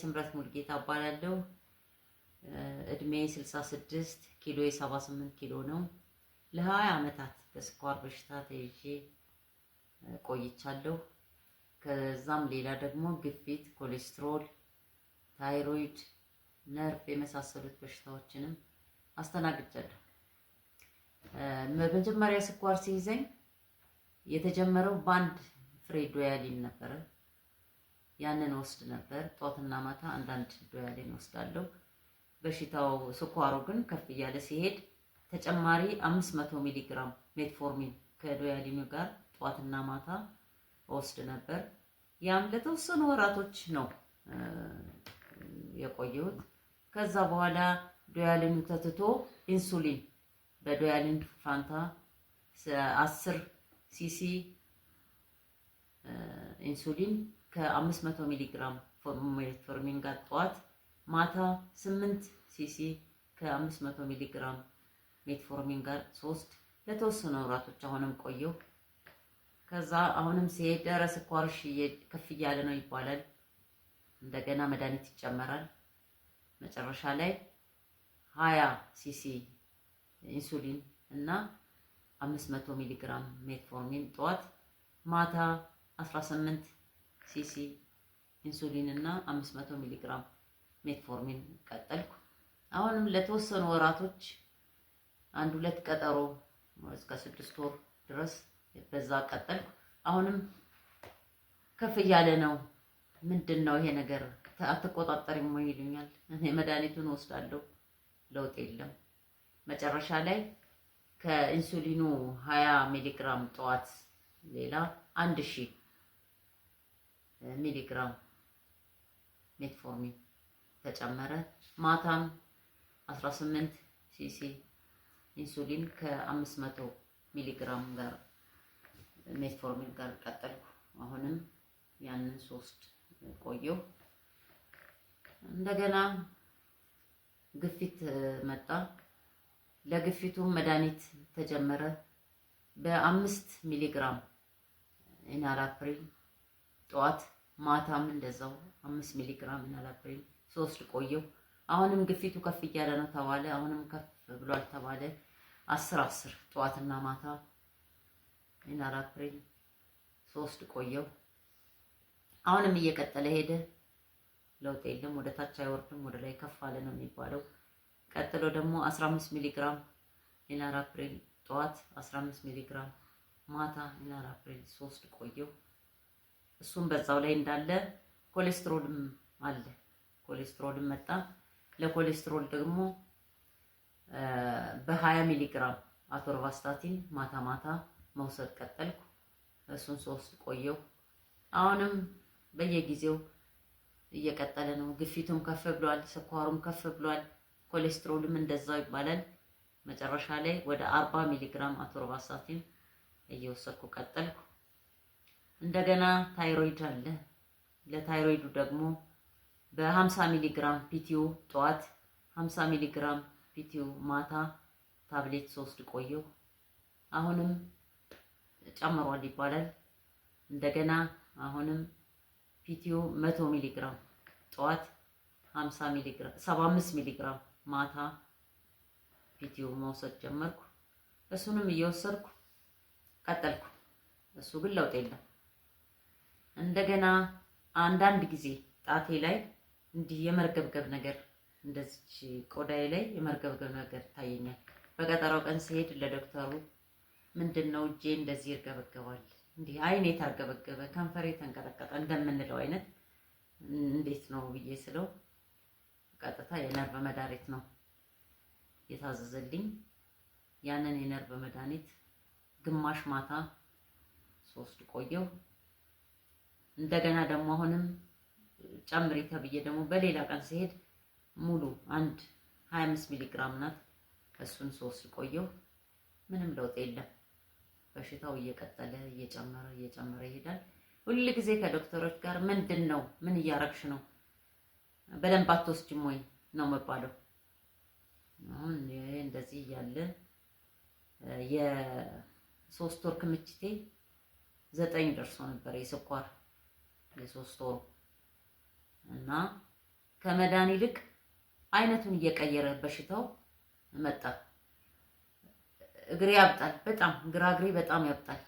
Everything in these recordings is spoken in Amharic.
ስምረት ሙልጌታ እባላለሁ። እድሜ 66 ኪሎ 78 ኪሎ ነው። ለ20 ዓመታት በስኳር በሽታ ተይዤ ቆይቻለሁ። ከዛም ሌላ ደግሞ ግፊት፣ ኮሌስትሮል፣ ታይሮይድ፣ ነርቭ የመሳሰሉት በሽታዎችንም አስተናግጃለሁ። መጀመሪያ ስኳር ሲይዘኝ የተጀመረው በአንድ ፍሬ ዶያሊን ነበረ። ያንን ወስድ ነበር። ጧትና ማታ አንዳንድ ዶያሌን ወስዳለሁ። በሽታው ስኳሩ ግን ከፍ እያለ ሲሄድ ተጨማሪ 500 ሚሊ ግራም ሜትፎርሚን ከዶያሊኑ ጋር ጧትና ማታ ወስድ ነበር። ያም ለተወሰኑ ወራቶች ነው የቆየሁት። ከዛ በኋላ ዶያሊኑ ተትቶ ኢንሱሊን በዶያሊን ፋንታ 10 ሲሲ ኢንሱሊን ከ500 ሚሊ ግራም ሜትፎርሚን ጋር ጠዋት ማታ 8 ሲሲ ከ500 ሚሊ ግራም ሜትፎርሚን ጋር ሶስት ለተወሰኑ ወራቶች አሁንም ቆየው። ከዛ አሁንም ሲሄድ ደረ ስኳርሽ ከፍ እያለ ነው ይባላል። እንደገና መድኃኒት ይጨመራል። መጨረሻ ላይ 20 ሲሲ ኢንሱሊን እና 500 ሚሊ ግራም ሜትፎርሚን ጠዋት ማታ 18 ሲሲ ኢንሱሊን እና 500 ሚሊግራም ሜትፎርሚን ቀጠልኩ። አሁንም ለተወሰኑ ወራቶች አንድ ሁለት ቀጠሮ እስከ ስድስት ወር ድረስ በዛ ቀጠልኩ። አሁንም ከፍ እያለ ነው። ምንድን ነው ይሄ ነገር አትቆጣጠሪም ወይ ይሉኛል። እኔ መድኃኒቱን ወስዳለሁ፣ ለውጥ የለም። መጨረሻ ላይ ከኢንሱሊኑ 20 ሚሊግራም ጠዋት ሌላ አንድ ሺህ ሚሊግራም ሜትፎርሚን ተጨመረ። ማታም 18 ሲሲ ኢንሱሊን ከ500 ሚሊግራም ጋር ሜትፎርሚን ጋር ቀጠልኩ። አሁንም ያንን ሶስት ቆየው። እንደገና ግፊት መጣ። ለግፊቱም መድኃኒት ተጀመረ። በአምስት ሚሊግራም ኢናላፕሪል ጠዋት ማታም እንደዛው አምስት ሚሊግራም እና ላፕሪን ሶስት ቆየው። አሁንም ግፊቱ ከፍ እያለ ነው ተባለ። አሁንም ከፍ ብሏል ተባለ። አስር አስር ጠዋትና ማታ እና ላፕሪን ሶስት ቆየው። አሁንም እየቀጠለ ሄደ። ለውጥ የለም። ወደ ታች አይወርድም፣ ወደ ላይ ከፍ አለ ነው የሚባለው። ቀጥሎ ደግሞ 15 ሚሊ ግራም ኢናራፕሪል ጠዋት 15 ሚሊ ግራም ማታ ኢናራፕሪል ሶስት ቆየው። እሱም በዛው ላይ እንዳለ ኮሌስትሮልም አለ። ኮሌስትሮልም መጣ። ለኮሌስትሮል ደግሞ በ20 ሚሊ ግራም አቶርቫስታቲን ማታ ማታ መውሰድ ቀጠልኩ። እሱን ሶስት ቆየው። አሁንም በየጊዜው እየቀጠለ ነው። ግፊቱም ከፍ ብሏል፣ ስኳሩም ከፍ ብሏል፣ ኮሌስትሮልም እንደዛው ይባላል። መጨረሻ ላይ ወደ 40 ሚሊ ግራም አቶርቫስታቲን እየወሰድኩ ቀጠልኩ። እንደገና ታይሮይድ አለ። ለታይሮይዱ ደግሞ በ50 ሚሊ ግራም ፒቲዩ ጠዋት 50 ሚሊ ግራም ፒቲዩ ማታ ታብሌት ሶስት ቆየው። አሁንም ጨምሯል ይባላል። እንደገና አሁንም ፒቲዩ 100 ሚሊ ግራም ጠዋት 50 ሚሊ ግራም 75 ሚሊ ግራም ማታ ፒቲዩ መውሰድ ጀመርኩ። እሱንም እየወሰድኩ ቀጠልኩ። እሱ ግን ለውጥ የለም። እንደገና አንዳንድ ጊዜ ጣቴ ላይ እንዲህ የመርገብገብ ነገር እንደዚች ቆዳዬ ላይ የመርገብገብ ነገር ይታየኛል። በቀጠሮ ቀን ሲሄድ ለዶክተሩ ምንድን ነው እጄ እንደዚህ ይርገበገባል፣ እንዲህ አይኔ የታርገበገበ ከንፈሬ የተንቀጠቀጠ እንደምንለው አይነት እንዴት ነው ብዬ ስለው ቀጥታ የነርቭ መድኃኒት ነው የታዘዘልኝ። ያንን የነርቭ መድኃኒት ግማሽ ማታ ሶስት ቆየው። እንደገና ደግሞ አሁንም ጨምሪ ተብዬ ደግሞ በሌላ ቀን ሲሄድ ሙሉ አንድ 25 ሚሊ ግራም ናት። ከሱን ሶስት ቆየው ምንም ለውጥ የለም። በሽታው እየቀጠለ እየጨመረ እየጨመረ ይሄዳል። ሁል ጊዜ ከዶክተሮች ጋር ምንድን ነው ምን እያረግሽ ነው በደንብ አትወስጂም ወይ ነው መባለው። አሁን እንደዚህ እያለ የሶስት ወር ክምችቴ ዘጠኝ ደርሶ ነበር የስኳር የሶስት ወሩ እና ከመዳን ይልቅ አይነቱን እየቀየረ በሽታው መጣ። እግሬ ያብጣል፣ በጣም ግራ እግሬ በጣም ያብጣል፣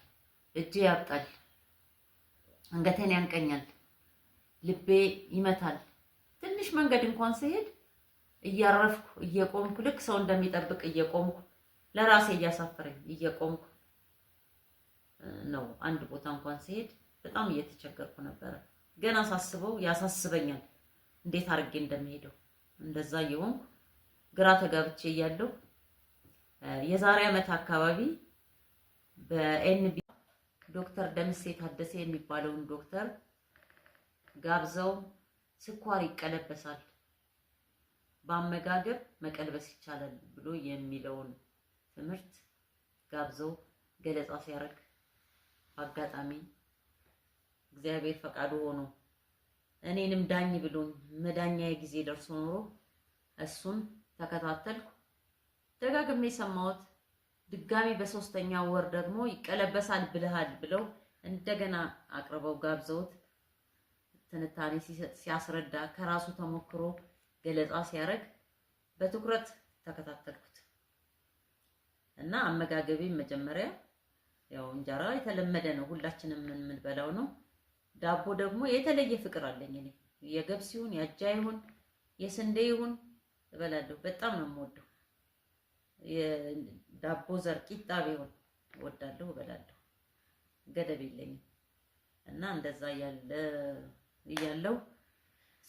እጄ ያብጣል፣ አንገቴን ያንቀኛል፣ ልቤ ይመታል። ትንሽ መንገድ እንኳን ስሄድ እያረፍኩ እየቆምኩ ልክ ሰው እንደሚጠብቅ እየቆምኩ ለራሴ እያሳፈረኝ እየቆምኩ ነው። አንድ ቦታ እንኳን ስሄድ በጣም እየተቸገርኩ ነበረ። ገና ሳስበው ያሳስበኛል እንዴት አድርጌ እንደሚሄደው እንደዛ እየሆንኩ ግራ ተጋብቼ እያለሁ የዛሬ ዓመት አካባቢ በኤንቢ ዶክተር ደምሴ ታደሰ የሚባለውን ዶክተር ጋብዘው ስኳር ይቀለበሳል በአመጋገብ መቀልበስ ይቻላል ብሎ የሚለውን ትምህርት ጋብዘው ገለጻ ሲያደርግ አጋጣሚ እግዚአብሔር ፈቃዱ ሆኖ እኔንም ዳኝ ብሎኝ መዳኛዬ ጊዜ ደርሶ ኖሮ እሱን ተከታተልኩ። ደጋግሜ ሰማሁት። ድጋሚ በሶስተኛ ወር ደግሞ ይቀለበሳል ብለሃል ብለው እንደገና አቅርበው ጋብዘውት ትንታኔ ሲያስረዳ ከራሱ ተሞክሮ ገለጻ ሲያደርግ በትኩረት ተከታተልኩት እና አመጋገቤ መጀመሪያ ያው እንጀራ የተለመደ ነው፣ ሁላችንም የምንበላው ነው። ዳቦ ደግሞ የተለየ ፍቅር አለኝ እኔ የገብስ ይሁን ያጃ ይሁን የስንዴ ይሁን እበላለሁ። በጣም ነው የምወደው። የዳቦ ዘር ቂጣ ቢሆን እወዳለሁ፣ እበላለሁ። ገደብ የለኝም እና እንደዛ እያለ እያለው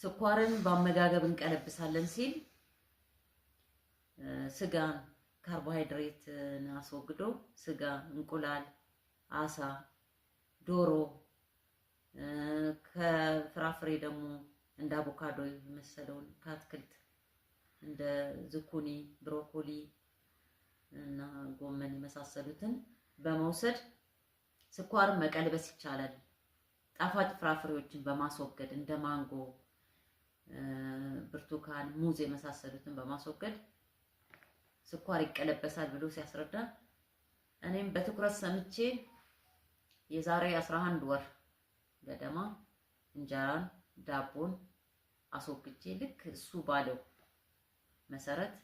ስኳርን በአመጋገብ እንቀለብሳለን ሲል ስጋን ካርቦሃይድሬትን አስወግዶ ስጋ፣ እንቁላል፣ አሳ፣ ዶሮ ከፍራፍሬ ደግሞ እንደ አቮካዶ የመሰለውን ከአትክልት እንደ ዝኩኒ፣ ብሮኮሊ እና ጎመን የመሳሰሉትን በመውሰድ ስኳርን መቀልበስ ይቻላል። ጣፋጭ ፍራፍሬዎችን በማስወገድ እንደ ማንጎ፣ ብርቱካን፣ ሙዝ የመሳሰሉትን በማስወገድ ስኳር ይቀለበሳል ብሎ ሲያስረዳ እኔም በትኩረት ሰምቼ የዛሬ 11 ወር ገደማ እንጀራን ዳቦን አስወግጄ ልክ እሱ ባለው መሰረት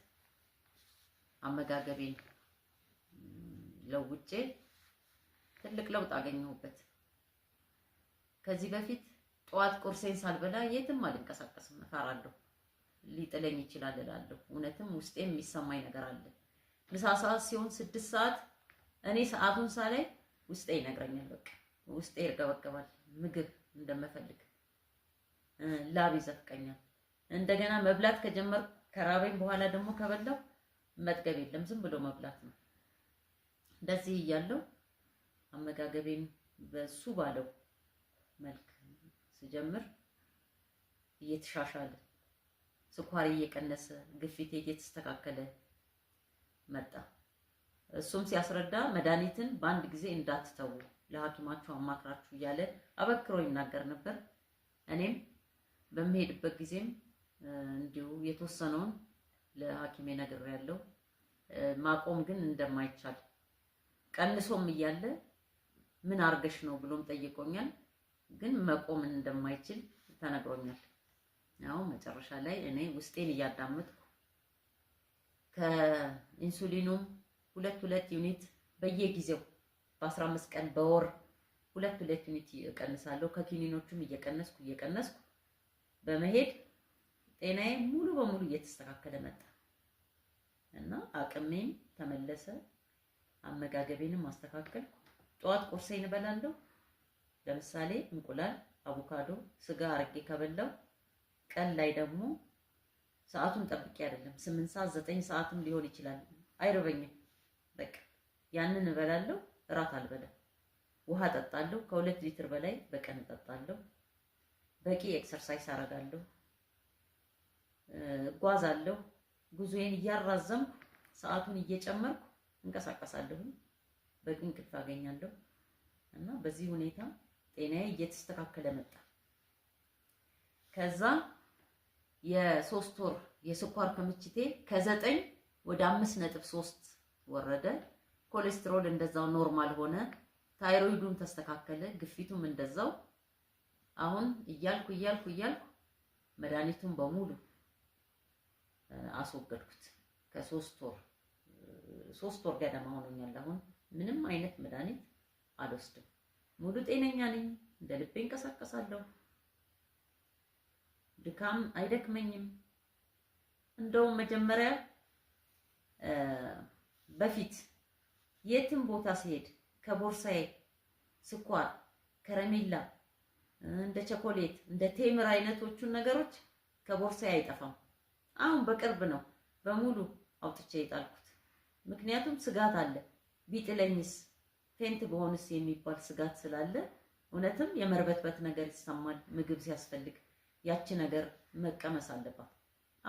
አመጋገቤን ለውጬ ትልቅ ለውጥ አገኘሁበት። ከዚህ በፊት ጠዋት ቁርሴን ሳልበላ የትም አልንቀሳቀስም፣ እፈራለሁ፣ ሊጥለኝ ይችላል እላለሁ። እውነትም ውስጤም የሚሰማኝ ነገር አለ። ምሳ ሰዓት ሲሆን ስድስት ሰዓት እኔ ሰዓቱን ሳላይ ውስጤ ይነግረኛል። በቃ ውስጤ ይርገበገባል። ምግብ እንደምፈልግ ላብ ይዘፍቀኛል። እንደገና መብላት ከጀመር ከራበኝ በኋላ ደግሞ ከበላው መጥገብ የለም ዝም ብሎ መብላት ነው። እንደዚህ እያለው አመጋገቤን በሱ ባለው መልክ ስጀምር እየተሻሻለ ስኳር እየቀነሰ ግፊቴ እየተስተካከለ መጣ። እሱም ሲያስረዳ መድኃኒትን በአንድ ጊዜ እንዳትተው ለሐኪማችሁ አማክራችሁ እያለ አበክሮ ይናገር ነበር። እኔም በምሄድበት ጊዜም እንዲሁ የተወሰነውን ለሐኪሜ ያለው ማቆም ግን እንደማይቻል ቀንሶም እያለ ምን አርገሽ ነው ብሎም ጠይቆኛል። ግን መቆም እንደማይችል ተነግሮኛል። ያው መጨረሻ ላይ እኔ ውስጤን እያዳመጥኩ ከኢንሱሊኑም ሁለት ሁለት ዩኒት በየጊዜው በአስራ አምስት ቀን በወር ሁለት ሁለት ዩኒት እቀንሳለሁ። ከኪኒኖቹም እየቀነስኩ እየቀነስኩ በመሄድ ጤናዬ ሙሉ በሙሉ እየተስተካከለ መጣ እና አቅሜም ተመለሰ። አመጋገቤንም አስተካከልኩ። ጠዋት ቁርሴን እበላለሁ። ለምሳሌ እንቁላል፣ አቮካዶ፣ ስጋ አርጌ ከበላው ቀን ላይ ደግሞ ሰዓቱን ጠብቄ አይደለም ስምንት ሰዓት ዘጠኝ ሰዓትም ሊሆን ይችላል አይርበኝም። በቃ ያንን እበላለሁ። እራት አልበላም። ውሃ ጠጣለሁ። ከሁለት ሊትር በላይ በቀን እጠጣለሁ። በቂ ኤክሰርሳይዝ አደርጋለሁ። እጓዛለሁ። ጉዞዬን እያራዘምኩ ሰዓቱን እየጨመርኩ እንቀሳቀሳለሁ። በቂ እንቅልፍ አገኛለሁ እና በዚህ ሁኔታ ጤናዬ እየተስተካከለ መጣ። ከዛ የሶስት ወር የስኳር ክምችቴ ከዘጠኝ ወደ አምስት ነጥብ ሶስት ወረደ። ኮሌስትሮል እንደዛው ኖርማል ሆነ፣ ታይሮይዱም ተስተካከለ፣ ግፊቱም እንደዛው። አሁን እያልኩ እያልኩ እያልኩ መድኃኒቱን በሙሉ አስወገድኩት። ከሶስት ወር ሶስት ወር ገደማ ሆኖኛል። አሁን ምንም አይነት መድኃኒት አልወስድም። ሙሉ ጤነኛ ነኝ። እንደ ልቤ እንቀሳቀሳለሁ። ድካም አይደክመኝም። እንደውም መጀመሪያ በፊት የትም ቦታ ሲሄድ ከቦርሳዬ ስኳር፣ ከረሜላ፣ እንደ ቸኮሌት፣ እንደ ቴምር አይነቶቹን ነገሮች ከቦርሳዬ አይጠፋም። አሁን በቅርብ ነው በሙሉ አውጥቼ የጣልኩት። ምክንያቱም ስጋት አለ ቢጥለኝስ ፌንት በሆንስ የሚባል ስጋት ስላለ እውነትም የመርበትበት ነገር ይሰማል። ምግብ ሲያስፈልግ ያቺ ነገር መቀመስ አለባት።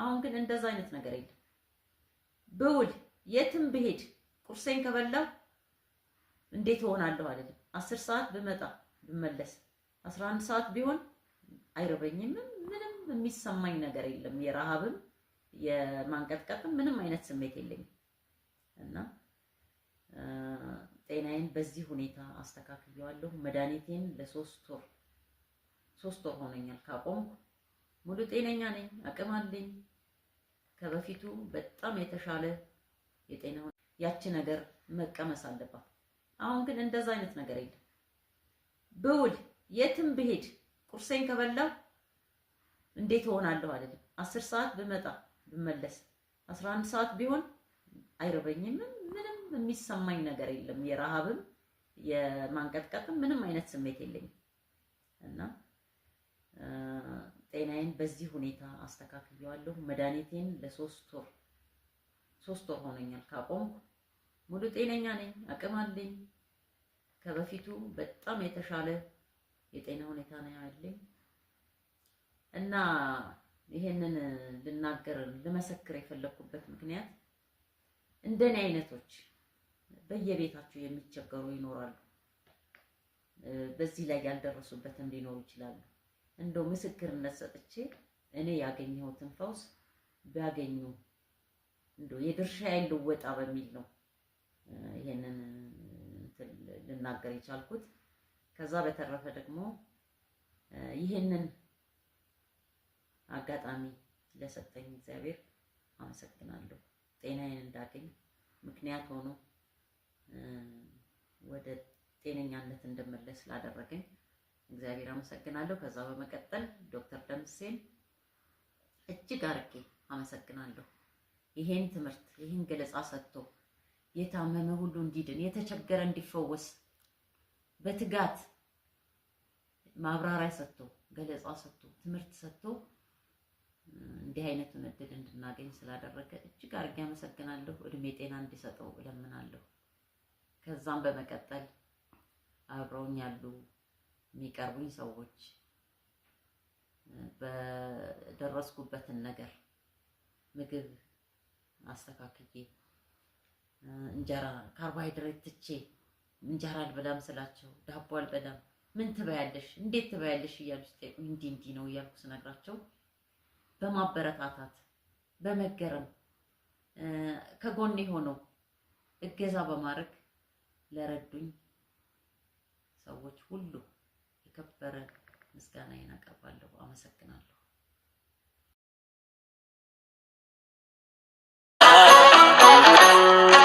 አሁን ግን እንደዛ አይነት ነገር የለም። ብውል የትም ብሄድ ቁርሴን ከበላሁ እንዴት እሆናለሁ አለኝ። አስር ሰዓት ብመጣ ብመለስ አስራ አንድ ሰዓት ቢሆን አይርበኝም ምንም የሚሰማኝ ነገር የለም። የረሃብም የማንቀጥቀጥም ምንም አይነት ስሜት የለኝም እና ጤናዬን በዚህ ሁኔታ አስተካክየዋለሁ። መድኃኒቴን ለሶስት ወር ሶስት ወር ሆነኛል ካቆምኩ። ሙሉ ጤነኛ ነኝ፣ አቅም አለኝ። ከበፊቱ በጣም የተሻለ የጤና ያቺ ነገር መቀመስ አለባት። አሁን ግን እንደዛ አይነት ነገር የለም። ብውል የትም ብሄድ ቁርሴን ከበላ እንዴት እሆናለሁ አይደለም። አስር ሰዓት ብመጣ ብመለስ አስራ አንድ ሰዓት ቢሆን አይርበኝም። ምንም የሚሰማኝ ነገር የለም። የረሃብም የማንቀጥቀጥም ምንም አይነት ስሜት የለኝም እና ጤናዬን በዚህ ሁኔታ አስተካክየዋለሁ። መድኃኒቴን ለሶስት ወር ሶስት ወር ሆነኛል ካቆምኩ። ሙሉ ጤነኛ ነኝ፣ አቅም አለኝ። ከበፊቱ በጣም የተሻለ የጤና ሁኔታ ነው ያለኝ እና ይሄንን ልናገር ልመሰክር የፈለኩበት ምክንያት እንደኔ አይነቶች በየቤታቸው የሚቸገሩ ይኖራሉ። በዚህ ላይ ያልደረሱበትም ሊኖሩ ይችላሉ። እንደው ምስክርነት ሰጥቼ እኔ ያገኘሁትን ፈውስ ቢያገኙ እንደው የድርሻ ልወጣ በሚል ነው ይሄንን ልናገር የቻልኩት። ከዛ በተረፈ ደግሞ ይህንን አጋጣሚ ለሰጠኝ እግዚአብሔር አመሰግናለሁ። ጤናዬን እንዳገኝ ምክንያት ሆኖ ወደ ጤነኛነት እንድመለስ ስላደረገኝ እግዚአብሔር አመሰግናለሁ። ከዛ በመቀጠል ዶክተር ደምሴን እጅግ አርጌ አመሰግናለሁ። ይሄን ትምህርት ይህን ገለጻ ሰጥቶ የታመመ ሁሉ እንዲድን የተቸገረ እንዲፈወስ በትጋት ማብራሪያ ሰጥቶ ገለጻ ሰጥቶ ትምህርት ሰጥቶ እንዲህ አይነቱን እድል እንድናገኝ ስላደረገ እጅግ አድርጌ አመሰግናለሁ። እድሜ ጤና እንዲሰጠው እለምናለሁ። ከዛም በመቀጠል አብረውኝ ያሉ የሚቀርቡኝ ሰዎች በደረስኩበትን ነገር ምግብ አስተካክዬ እንጀራ ካርቦሃይድሬት ትቼ እንጀራ አልበላም ስላቸው ዳቦ አልበላም ምን ትበያለሽ እንዴት ትበያለሽ እያሉ ሲጠይቁኝ እንዲህ እንዲህ ነው እያልኩ ስነግራቸው በማበረታታት በመገረም ከጎን የሆነው እገዛ በማድረግ ለረዱኝ ሰዎች ሁሉ የከበረ ምስጋናዬን አቀርባለሁ። አመሰግናለሁ። Bye.